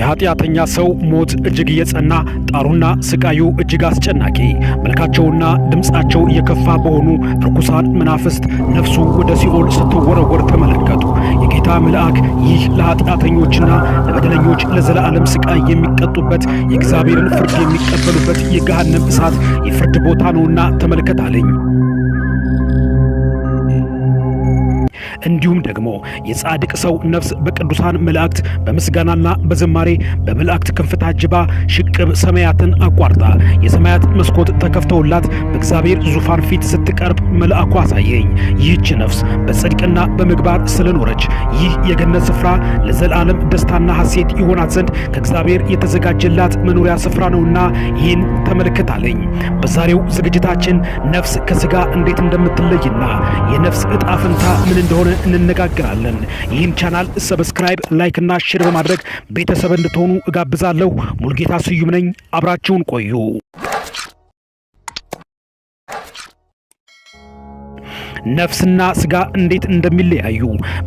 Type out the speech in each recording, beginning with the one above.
የኃጢአተኛ ሰው ሞት እጅግ እየጸና ጣሩና ስቃዩ እጅግ አስጨናቂ መልካቸውና ድምፃቸው እየከፋ በሆኑ ርኩሳን መናፍስት ነፍሱ ወደ ሲኦል ስትወረወር ተመለከቱ። የጌታ መልአክ ይህ ለኃጢአተኞችና ለበደለኞች ለዘላለም ስቃይ የሚቀጡበት የእግዚአብሔርን ፍርድ የሚቀበሉበት የገሃነም እሳት የፍርድ ቦታ ነውና ተመልከት አለኝ። እንዲሁም ደግሞ የጻድቅ ሰው ነፍስ በቅዱሳን መላእክት በምስጋናና በዝማሬ በመላእክት ክንፍ ታጅባ ሽቅብ ሰማያትን አቋርጣ የሰማያት መስኮት ተከፍተውላት በእግዚአብሔር ዙፋን ፊት ስትቀርብ መልአኩ አሳየኝ። ይህች ነፍስ በጽድቅና በምግባር ስለኖረች ይህ የገነት ስፍራ ለዘላለም ደስታና ሐሴት ይሆናት ዘንድ ከእግዚአብሔር የተዘጋጀላት መኖሪያ ስፍራ ነውና ይህን ተመልክታለኝ። በዛሬው ዝግጅታችን ነፍስ ከሥጋ እንዴት እንደምትለይና የነፍስ ዕጣ ፈንታ ምን እንደሆነ ዙሪያውን እንነጋገራለን። ይህን ቻናል ሰብስክራይብ፣ ላይክ እና ሼር በማድረግ ቤተሰብ እንድትሆኑ እጋብዛለሁ። ሙልጌታ ስዩም ነኝ። አብራችሁን ቆዩ። ነፍስና ስጋ እንዴት እንደሚለያዩ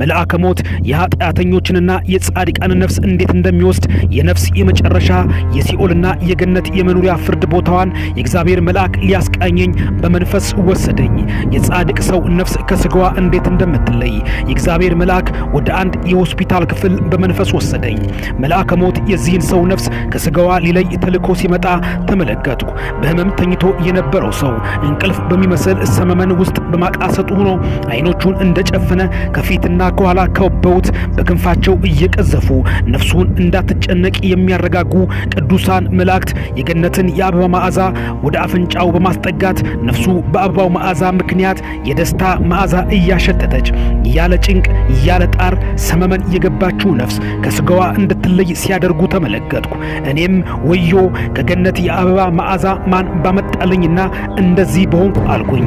መልአከ ሞት የኃጢአተኞችንና የጻድቃን ነፍስ እንዴት እንደሚወስድ የነፍስ የመጨረሻ የሲኦልና የገነት የመኖሪያ ፍርድ ቦታዋን የእግዚአብሔር መልአክ ሊያስቃኘኝ በመንፈስ ወሰደኝ። የጻድቅ ሰው ነፍስ ከስጋዋ እንዴት እንደምትለይ የእግዚአብሔር መልአክ ወደ አንድ የሆስፒታል ክፍል በመንፈስ ወሰደኝ። መልአከ ሞት የዚህን ሰው ነፍስ ከስጋዋ ሊለይ ተልኮ ሲመጣ ተመለከትኩ። በህመም ተኝቶ የነበረው ሰው እንቅልፍ በሚመስል ሰመመን ውስጥ በማቃስ እየተንሰራሰጡ ሆኖ አይኖቹን እንደጨፈነ ከፊትና ከኋላ ከበውት በክንፋቸው እየቀዘፉ ነፍሱን እንዳትጨነቅ የሚያረጋጉ ቅዱሳን መላእክት የገነትን የአበባ መዓዛ ወደ አፍንጫው በማስጠጋት ነፍሱ በአበባው መዓዛ ምክንያት የደስታ መዓዛ እያሸተተች ያለ ጭንቅ ያለ ጣር ሰመመን የገባችው ነፍስ ከስጋዋ እንድትለይ ሲያደርጉ ተመለከትኩ። እኔም ወዮ ከገነት የአበባ መዓዛ ማን ባመጣልኝና እንደዚህ በሆንኩ አልኩኝ።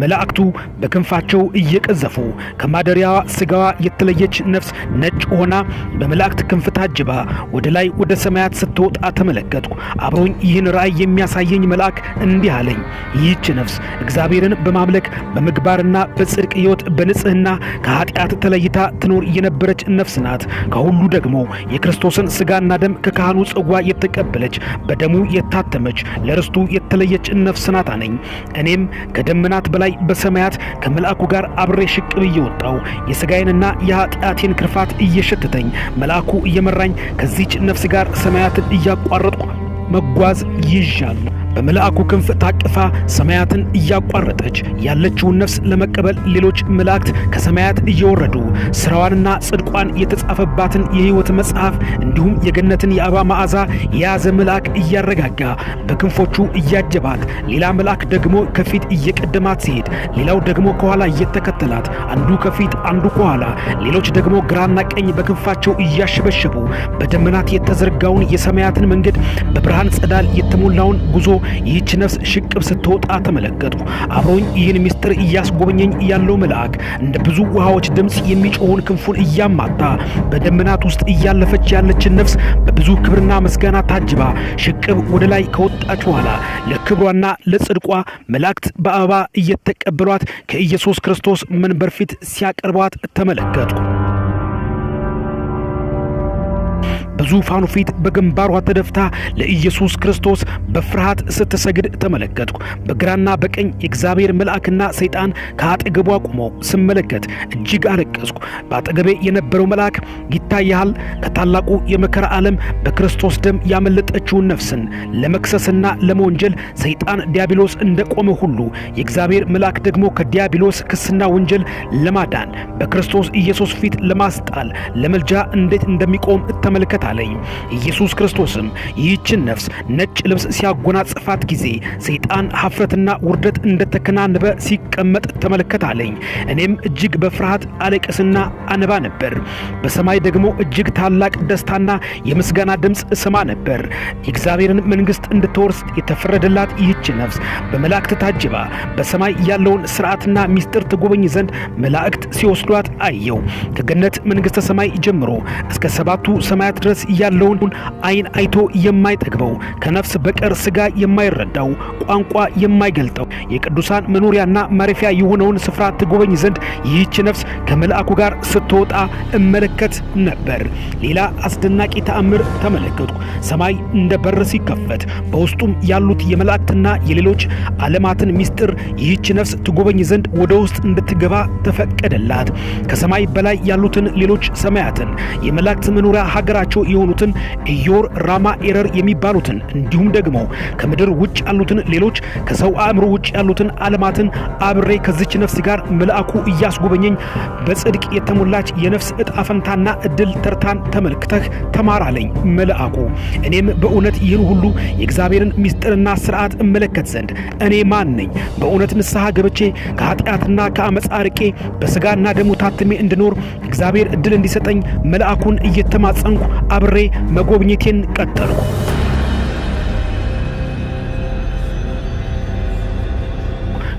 መላእክቱ በክንፋቸው እየቀዘፉ ከማደሪያ ስጋ የተለየች ነፍስ ነጭ ሆና በመላእክት ክንፍ ታጅባ ወደ ላይ ወደ ሰማያት ስትወጣ ተመለከትኩ። አብሮኝ ይህን ራእይ የሚያሳየኝ መልአክ እንዲህ አለኝ፣ ይህች ነፍስ እግዚአብሔርን በማምለክ በምግባርና በጽድቅ ሕይወት በንጽህና ከኃጢአት ተለይታ ትኖር የነበረች ነፍስ ናት። ከሁሉ ደግሞ የክርስቶስን ስጋና ደም ከካህኑ ጽዋ የተቀበለች በደሙ የታተመች ለርስቱ የተለየች ነፍስ ናት አነኝ። እኔም ከደመናት በላይ በሰማያት ከመልአኩ ጋር አብሬ ሽቅብ እየወጣው የስጋዬንና የኃጢአቴን ክርፋት እየሸተተኝ መልአኩ እየመራኝ ከዚች ነፍስ ጋር ሰማያትን እያቋረጥኩ መጓዝ ይዣለሁ። በመልአኩ ክንፍ ታቅፋ ሰማያትን እያቋረጠች ያለችውን ነፍስ ለመቀበል ሌሎች መላእክት ከሰማያት እየወረዱ ስራዋንና ጽድቋን የተጻፈባትን የሕይወት መጽሐፍ እንዲሁም የገነትን የአበባ መዓዛ የያዘ መልአክ እያረጋጋ በክንፎቹ እያጀባት፣ ሌላ መልአክ ደግሞ ከፊት እየቀደማት ሲሄድ፣ ሌላው ደግሞ ከኋላ እየተከተላት፣ አንዱ ከፊት አንዱ ከኋላ፣ ሌሎች ደግሞ ግራና ቀኝ በክንፋቸው እያሸበሸቡ በደመናት የተዘርጋውን የሰማያትን መንገድ በብርሃን ጸዳል የተሞላውን ጉዞ ሆነው ይህች ነፍስ ሽቅብ ስትወጣ ተመለከትኩ። አብሮኝ ይህን ምስጢር እያስጎበኘኝ ያለው መልአክ እንደ ብዙ ውሃዎች ድምፅ የሚጮሆን ክንፉን እያማታ በደመናት ውስጥ እያለፈች ያለችን ነፍስ በብዙ ክብርና ምስጋና ታጅባ ሽቅብ ወደ ላይ ከወጣች በኋላ ለክብሯና ለጽድቋ መላእክት በአበባ እየተቀበሏት ከኢየሱስ ክርስቶስ መንበር ፊት ሲያቀርቧት ተመለከትኩ። በዙፋኑ ፊት በግንባሯ ተደፍታ ለኢየሱስ ክርስቶስ በፍርሃት ስትሰግድ ተመለከትኩ። በግራና በቀኝ የእግዚአብሔር መልአክና ሰይጣን ከአጠገቧ ቆመው ስመለከት እጅግ አለቀስኩ። በአጠገቤ የነበረው መልአክ ይታያል፣ ከታላቁ የመከራ ዓለም በክርስቶስ ደም ያመለጠችውን ነፍስን ለመክሰስና ለመወንጀል ሰይጣን ዲያብሎስ እንደቆመ ሁሉ የእግዚአብሔር መልአክ ደግሞ ከዲያብሎስ ክስና ወንጀል ለማዳን በክርስቶስ ኢየሱስ ፊት ለማስጣል ለመልጃ እንዴት እንደሚቆም እተመለከታል። አለኝ። ኢየሱስ ክርስቶስም ይህችን ነፍስ ነጭ ልብስ ሲያጎናጽፋት ጊዜ ሰይጣን ሀፍረትና ውርደት እንደተከናንበ ሲቀመጥ ተመለከት አለኝ። እኔም እጅግ በፍርሃት አለቅስና አነባ ነበር። በሰማይ ደግሞ እጅግ ታላቅ ደስታና የምስጋና ድምፅ እሰማ ነበር። የእግዚአብሔርን መንግሥት እንድትወርስ የተፈረደላት ይህች ነፍስ በመላእክት ታጅባ በሰማይ ያለውን ስርዓትና ሚስጥር ትጎበኝ ዘንድ መላእክት ሲወስዷት አየው። ከገነት መንግሥተ ሰማይ ጀምሮ እስከ ሰባቱ ሰማያት ድረስ ድረስ ያለውን አይን አይቶ የማይጠግበው ከነፍስ በቀር ስጋ የማይረዳው ቋንቋ የማይገልጠው የቅዱሳን መኖሪያና ማረፊያ የሆነውን ስፍራ ትጎበኝ ዘንድ ይህች ነፍስ ከመልአኩ ጋር ስትወጣ እመለከት ነበር። ሌላ አስደናቂ ተአምር ተመለከቱ። ሰማይ እንደ በር ሲከፈት በውስጡም ያሉት የመላእክትና የሌሎች ዓለማትን ምስጢር ይህች ነፍስ ትጎበኝ ዘንድ ወደ ውስጥ እንድትገባ ተፈቀደላት። ከሰማይ በላይ ያሉትን ሌሎች ሰማያትን የመላእክት መኖሪያ ሀገራቸው የሆኑትን ኢዮር፣ ራማ፣ ኤረር የሚባሉትን እንዲሁም ደግሞ ከምድር ውጭ ያሉትን ሌሎች ከሰው አእምሮ ውጭ ያሉትን ዓለማትን አብሬ ከዚች ነፍስ ጋር መልአኩ እያስጎበኘኝ በጽድቅ የተሞላች የነፍስ እጣ ፈንታና እድል ተርታን ተመልክተህ ተማራለኝ መልአኩ። እኔም በእውነት ይህን ሁሉ የእግዚአብሔርን ምስጢርና ስርዓት እመለከት ዘንድ እኔ ማን ነኝ? በእውነት ንስሐ ገብቼ ከኃጢአትና ከአመፃ አርቄ በስጋና ደሙ ታትሜ እንድኖር እግዚአብሔር እድል እንዲሰጠኝ መልአኩን እየተማጸንኩ አብሬ መጎብኘቴን ቀጠልኩ።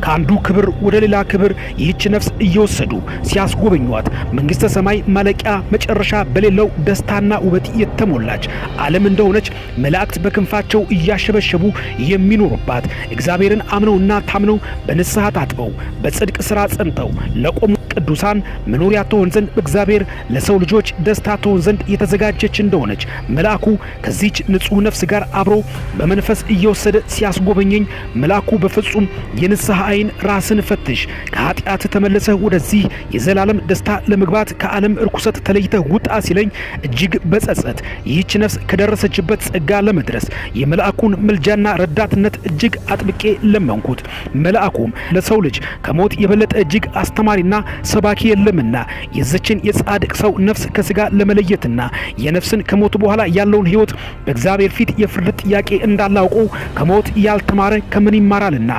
ከአንዱ ክብር ወደ ሌላ ክብር ይህች ነፍስ እየወሰዱ ሲያስጎበኟት መንግሥተ ሰማይ ማለቂያ መጨረሻ በሌለው ደስታና ውበት የተሞላች ዓለም እንደሆነች መላእክት በክንፋቸው እያሸበሸቡ የሚኖሩባት እግዚአብሔርን አምነውና ታምነው በንስሐ ታጥበው በጽድቅ ሥራ ጸንተው ለቆሙ ቅዱሳን መኖሪያ ትሆን ዘንድ እግዚአብሔር ለሰው ልጆች ደስታ ትሆን ዘንድ የተዘጋጀች እንደሆነች መልአኩ ከዚች ንጹሕ ነፍስ ጋር አብሮ በመንፈስ እየወሰደ ሲያስጎበኘኝ መልአኩ በፍጹም የንስሐ ዓይን ራስን ፈትሽ፣ ከኃጢአት ተመለሰ ወደዚህ የዘላለም ደስታ ለመግባት ከዓለም እርኩሰት ተለይተህ ውጣ ሲለኝ እጅግ በጸጸት ይህች ነፍስ ከደረሰችበት ጸጋ ለመድረስ የመልአኩን ምልጃና ረዳትነት እጅግ አጥብቄ ለመንኩት። መልአኩም ለሰው ልጅ ከሞት የበለጠ እጅግ አስተማሪና ሰባኪ የለምና የዝችን የጻድቅ ሰው ነፍስ ከስጋ ለመለየትና የነፍስን ከሞት በኋላ ያለውን ህይወት በእግዚአብሔር ፊት የፍርድ ጥያቄ እንዳላውቁ ከሞት ያልተማረ ከምን ይማራልና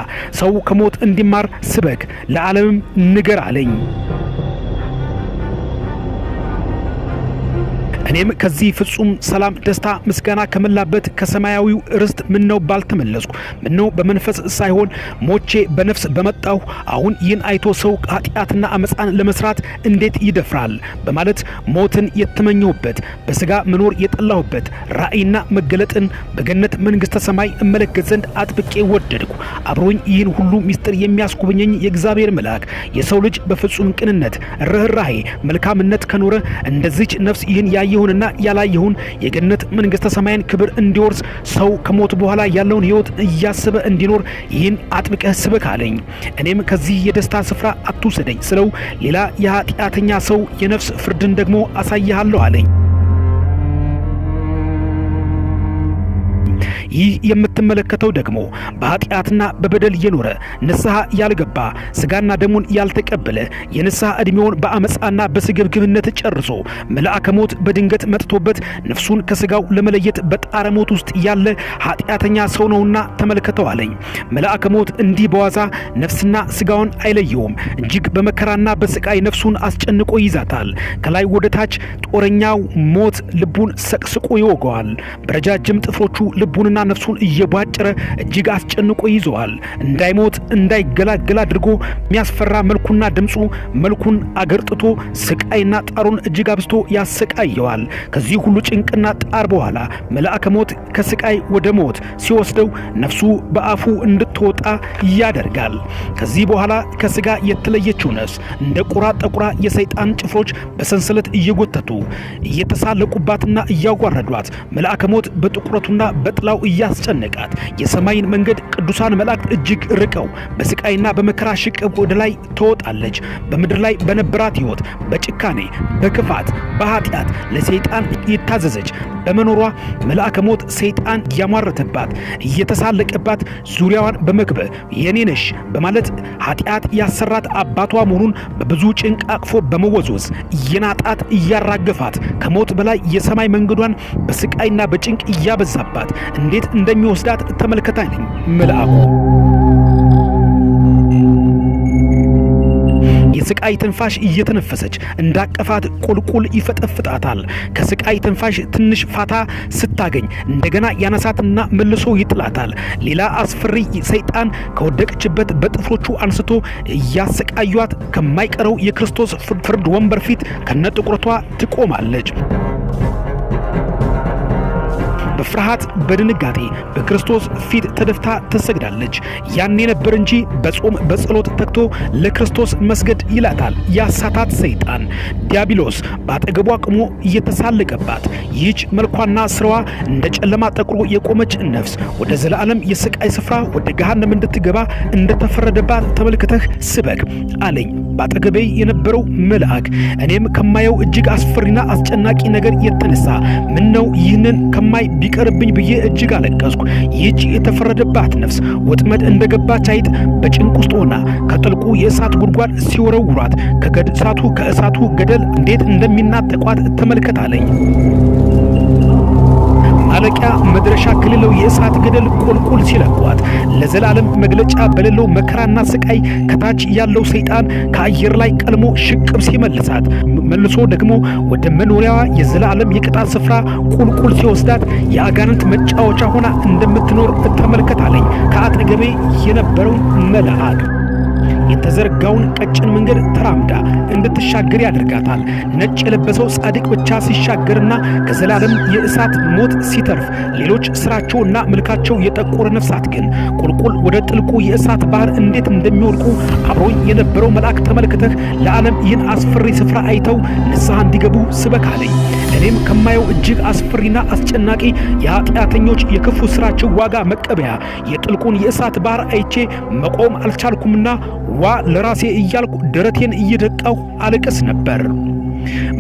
ሰው ከሞት እንዲማር ስበክ፣ ለዓለምም ንገር አለኝ። እኔም ከዚህ ፍጹም ሰላም፣ ደስታ፣ ምስጋና ከመላበት ከሰማያዊው ርስት ምነው ባልተመለስኩ፣ ምነው በመንፈስ ሳይሆን ሞቼ በነፍስ በመጣሁ። አሁን ይህን አይቶ ሰው ኃጢአትና አመፃን ለመስራት እንዴት ይደፍራል? በማለት ሞትን የተመኘሁበት በስጋ መኖር የጠላሁበት ራእይና መገለጥን በገነት መንግስተ ሰማይ እመለከት ዘንድ አጥብቄ ወደድኩ። አብሮኝ ይህን ሁሉ ሚስጥር የሚያስጎበኘኝ የእግዚአብሔር መልአክ የሰው ልጅ በፍጹም ቅንነት፣ ርኅራሄ፣ መልካምነት ከኖረ እንደዚች ነፍስ ይህን ያየ ይሁንና ያላየሁን የገነት መንግስተ ሰማያን ክብር እንዲወርስ ሰው ከሞት በኋላ ያለውን ህይወት እያሰበ እንዲኖር ይህን አጥብቀህ ስበክ አለኝ። እኔም ከዚህ የደስታ ስፍራ አትውሰደኝ ስለው ሌላ የኃጢአተኛ ሰው የነፍስ ፍርድን ደግሞ አሳይሃለሁ አለኝ። ይህ የምትመለከተው ደግሞ በኃጢአትና በበደል የኖረ ንስሐ ያልገባ ስጋና ደሙን ያልተቀበለ የንስሐ ዕድሜውን በአመፃና በስግብግብነት ጨርሶ መልአከ ሞት በድንገት መጥቶበት ነፍሱን ከስጋው ለመለየት በጣረ ሞት ውስጥ ያለ ኃጢአተኛ ሰው ነውና ተመልከተው አለኝ። መልአከ ሞት እንዲህ በዋዛ ነፍስና ስጋውን አይለየውም። እጅግ በመከራና በስቃይ ነፍሱን አስጨንቆ ይዛታል። ከላይ ወደ ታች ጦረኛው ሞት ልቡን ሰቅስቆ ይወገዋል። በረጃጅም ጥፍሮቹ ልቡንና ነፍሱን እየቧጨረ እጅግ አስጨንቆ ይዘዋል። እንዳይሞት እንዳይገላገል አድርጎ የሚያስፈራ መልኩና ድምፁ መልኩን አገርጥቶ ስቃይና ጣሩን እጅግ አብዝቶ ያሰቃየዋል። ከዚህ ሁሉ ጭንቅና ጣር በኋላ መልአከ ሞት ከስቃይ ወደ ሞት ሲወስደው ነፍሱ በአፉ እንድትወጣ ያደርጋል። ከዚህ በኋላ ከስጋ የተለየችው ነፍስ እንደ ቁራ ጠቁራ የሰይጣን ጭፍሮች በሰንሰለት እየጎተቱ እየተሳለቁባትና እያዋረዷት መልአከ ሞት በጥቁረቱና በጥላው እያስጨነቃት የሰማይን መንገድ ቅዱሳን መላእክት እጅግ ርቀው በስቃይና በመከራ ሽቅብ ወደ ላይ ትወጣለች። በምድር ላይ በነበራት ሕይወት በጭካኔ በክፋት በኃጢአት ለሰይጣን የታዘዘች በመኖሯ መልአከ ሞት ሰይጣን ያሟረተባት እየተሳለቀባት ዙሪያዋን በመክበብ የኔነሽ በማለት ኃጢአት ያሰራት አባቷ መሆኑን በብዙ ጭንቅ አቅፎ በመወዝወዝ እየናጣት እያራገፋት ከሞት በላይ የሰማይ መንገዷን በስቃይና በጭንቅ እያበዛባት እንዴት ወዴት እንደሚወስዳት ተመልከታኝ መልአኩ የስቃይ ትንፋሽ እየተነፈሰች እንዳቀፋት ቁልቁል ይፈጠፍጣታል። ከስቃይ ትንፋሽ ትንሽ ፋታ ስታገኝ እንደገና ያነሳትና መልሶ ይጥላታል። ሌላ አስፈሪ ሰይጣን ከወደቀችበት በጥፍሮቹ አንስቶ እያሰቃዩት ከማይቀረው የክርስቶስ ፍርድ ወንበር ፊት ከነጥቁርቷ ትቆማለች። በፍርሃት በድንጋጤ በክርስቶስ ፊት ተደፍታ ትሰግዳለች። ያኔ ነበር እንጂ በጾም በጸሎት ተግቶ ለክርስቶስ መስገድ ይላታል ያሳታት ሰይጣን ዲያብሎስ በአጠገቧ አቅሞ እየተሳለቀባት ይህች መልኳና ስራዋ እንደ ጨለማ ጠቁሮ የቆመች ነፍስ ወደ ዘላለም የስቃይ ስፍራ ወደ ገሃነም እንድትገባ እንደተፈረደባት ተመልክተህ ስበክ አለኝ በአጠገቤ የነበረው መልአክ። እኔም ከማየው እጅግ አስፈሪና አስጨናቂ ነገር የተነሳ ምን ነው ይህንን ከማይ ይቅርብኝ ብዬ እጅግ አለቀስኩ። ይህች የተፈረደባት ነፍስ ወጥመድ እንደገባች አይጥ በጭንቅ ውስጥ ሆና ከጥልቁ የእሳት ጉድጓድ ሲወረውሯት ከእሳቱ ከእሳቱ ገደል እንዴት እንደሚናጠቋት ተመልከታለኝ። ማለቂያ መድረሻ ከሌለው የእሳት ገደል ቁልቁል ሲለቋት ለዘላለም መግለጫ በሌለው መከራና ስቃይ ከታች ያለው ሰይጣን ከአየር ላይ ቀልሞ ሽቅብ ሲመልሳት መልሶ ደግሞ ወደ መኖሪያዋ የዘላለም የቅጣት ስፍራ ቁልቁል ሲወስዳት የአጋንንት መጫወቻ ሆና እንደምትኖር ተመልከታለኝ ከአጠገቤ የነበረው መልአክ የተዘረጋውን ቀጭን መንገድ ተራምዳ እንድትሻገር ያደርጋታል። ነጭ የለበሰው ጻድቅ ብቻ ሲሻገርና ከዘላለም የእሳት ሞት ሲተርፍ፣ ሌሎች ስራቸውና መልካቸው የጠቆረ ነፍሳት ግን ቁልቁል ወደ ጥልቁ የእሳት ባህር እንዴት እንደሚወድቁ አብሮኝ የነበረው መልአክ ተመልክተህ ለዓለም ይህን አስፈሪ ስፍራ አይተው ንስሐ እንዲገቡ ስበካለኝ። እኔም ከማየው እጅግ አስፈሪና አስጨናቂ የኃጢአተኞች የክፉ ስራቸው ዋጋ መቀበያ የጥልቁን የእሳት ባህር አይቼ መቆም አልቻልኩምና ዋ ለራሴ እያልኩ ደረቴን እየደቃሁ አለቀስ ነበር።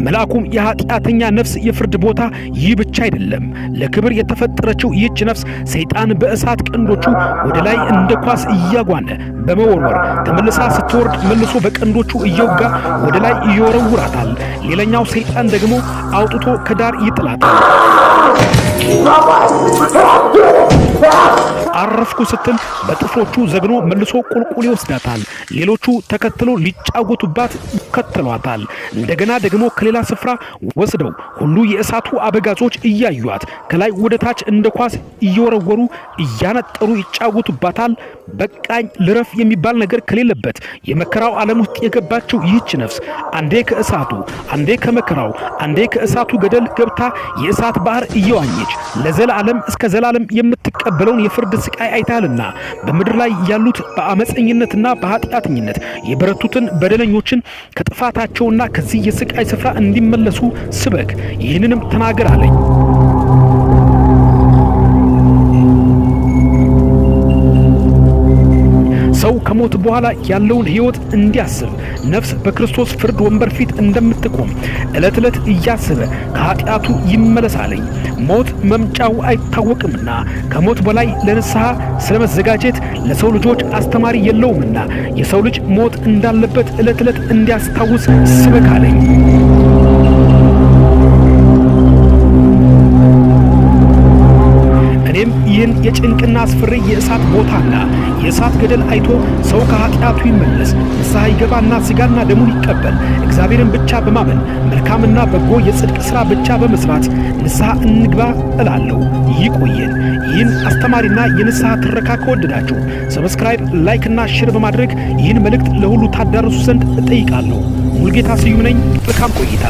መልአኩም የኃጢአተኛ ነፍስ የፍርድ ቦታ ይህ ብቻ አይደለም፣ ለክብር የተፈጠረችው ይህች ነፍስ ሰይጣን በእሳት ቀንዶቹ ወደ ላይ እንደ ኳስ እያጓነ በመወርወር ተመልሳ ስትወርድ መልሶ በቀንዶቹ እየወጋ ወደ ላይ ይወረውራታል። ሌላኛው ሰይጣን ደግሞ አውጥቶ ከዳር ይጥላታል። አረፍኩ ስትል በጥፍሮቹ ዘግኖ መልሶ ቁልቁል ይወስዳታል። ሌሎቹ ተከትሎ ሊጫወቱባት ይከተሏታል። እንደገና ደግሞ ከሌላ ስፍራ ወስደው ሁሉ የእሳቱ አበጋዞች እያዩት ከላይ ወደ ታች እንደ ኳስ እየወረወሩ እያነጠሩ ይጫወቱባታል። በቃኝ ልረፍ የሚባል ነገር ከሌለበት የመከራው ዓለም ውስጥ የገባችው ይህች ነፍስ አንዴ ከእሳቱ አንዴ ከመከራው አንዴ ከእሳቱ ገደል ገብታ የእሳት ባህር እየዋኘች ለዘላለም እስከ ዘላለም የምትቀ የተቀበለውን የፍርድ ስቃይ አይታልና በምድር ላይ ያሉት በአመፀኝነትና በኃጢአተኝነት የበረቱትን በደለኞችን ከጥፋታቸውና ከዚህ የስቃይ ስፍራ እንዲመለሱ ስበክ፣ ይህንንም ተናገር አለኝ። ከሞት በኋላ ያለውን ሕይወት እንዲያስብ ነፍስ በክርስቶስ ፍርድ ወንበር ፊት እንደምትቆም ዕለት ዕለት እያስበ ከኃጢአቱ ይመለሳለኝ። ሞት መምጫው አይታወቅምና ከሞት በላይ ለንስሐ ስለ መዘጋጀት ለሰው ልጆች አስተማሪ የለውምና የሰው ልጅ ሞት እንዳለበት ዕለት ዕለት እንዲያስታውስ ስበካለኝ። ይህን የጭንቅና አስፈሪ የእሳት ቦታና የእሳት ገደል አይቶ ሰው ከኃጢአቱ ይመለስ፣ ንስሐ ይገባና ሥጋና ደሙን ይቀበል። እግዚአብሔርን ብቻ በማመን መልካምና በጎ የጽድቅ ሥራ ብቻ በመሥራት ንስሐ እንግባ እላለሁ። ይቆየን። ይህን አስተማሪና የንስሐ ትረካ ከወደዳችሁ ሰብስክራይብ፣ ላይክና ሼር በማድረግ ይህን መልእክት ለሁሉ ታዳርሱ ዘንድ እጠይቃለሁ። ሙልጌታ ስዩም ነኝ። መልካም ቆይታ